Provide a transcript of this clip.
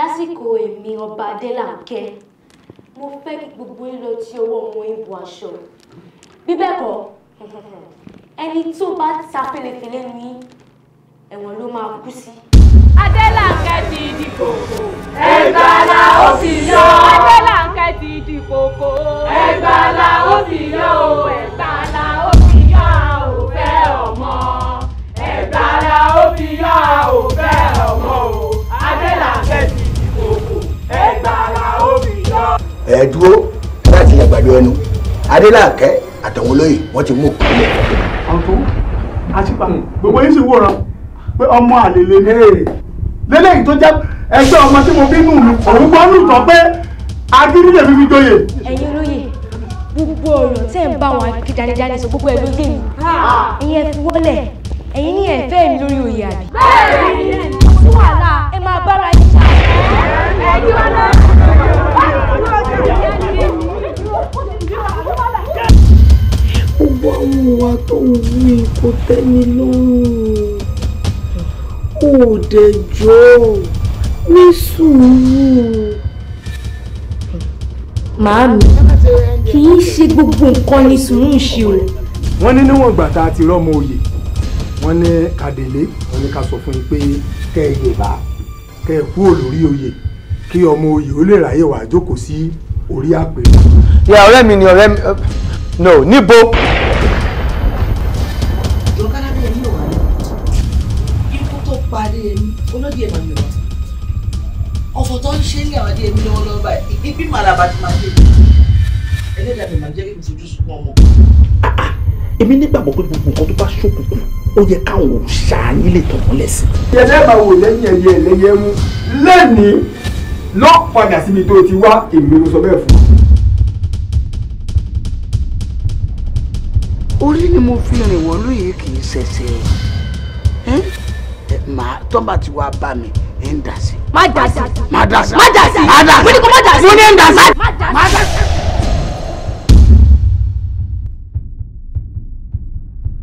lásìkò èmi ọba adélànkẹ́ mo fẹ́ kí gbogbo yín lọ tí ọwọ́ ọmọ yín bu aṣọ bí bẹ́ẹ̀ kọ́ ẹni tó bá ta fèlèfèlè ní ẹ̀wọ̀n ló máa kú sí. adélà. ẹ̀ dúró láti lè gbàdo ẹnu adélàkẹ́ àtàwọn olóyè wọ́n ti mú òkú lẹ̀. ọ̀tún àtìpà gbogbo yín sì wòran pé ọmọ àlèlè ni lélẹ́yìn tó jẹ́ ẹgbẹ́ ọmọ tí mo bí nù òun gbọ́ nù tán pé agídí lèmi fi joyè. ẹ̀yin olóyè gbogbo ọ̀rọ̀ tẹ́ ń bá wọn akídanidani sọ gbogbo ẹ̀ ló dé mi ẹ̀yin ẹ̀ fi wọ́lẹ̀ ẹ̀yin ní ẹ̀fẹ́ mi lórí oyè àbí. bẹ́ẹ̀ ni wà ọmọ wa tó ń wí kò tẹ́ mi lọ́rùn kò dẹ̀ jọ ní sùúrù. màámi kì í ṣe gbogbo nǹkan ní sùúrù ṣe o. wọ́n ní níwọ̀n ìgbà tá a ti rọ́mọ oyè wọ́n ní kàdélé wọ́n ní ká sọ fún yín pé kẹ́ ẹ yè bá kẹ́ ẹ kúrò lórí oyè kí ọmọ oyè ó lè ráyè wá jókòó sí orí àpèrè. ìyá ọ̀rẹ́ mi ni ọ̀rẹ́ mi no níbo. parí èmi olóde èèmọ̀ mi wá ọ̀fọ̀ tó ń ṣe ní àwọn adé èmi lọ́wọ́lọ́wọ́ báyìí ibi màlàbà ti máa ń dé ẹlẹ́dàá mi máa ń jẹ́ kí n ti dúsùn mọ́ ọmọ. èmi nígbàgbọ́ pé gbogbo nǹkan tó bá ṣókùnkùn ó yẹ káwọn òòṣà yín lè tọ̀wọ́n lẹ́sìn. ìyẹ́dẹ́ máa wò lẹ́yìn ẹyẹ ẹlẹ́yẹ mú lẹ́nìí lọ́ padà síbi tó ti wá èmi ló sọ bẹ́ẹ̀ fún. orí ni mo fi rìn wọ́lú yìí kì í ṣẹ̀ṣẹ̀ màá tọ́ba bá mi ń dà sí. má dà sí. má dà sí. má dà sí. má dà sí. mo ní kó má dà sí. mo ní ń dà sí. má dà sí.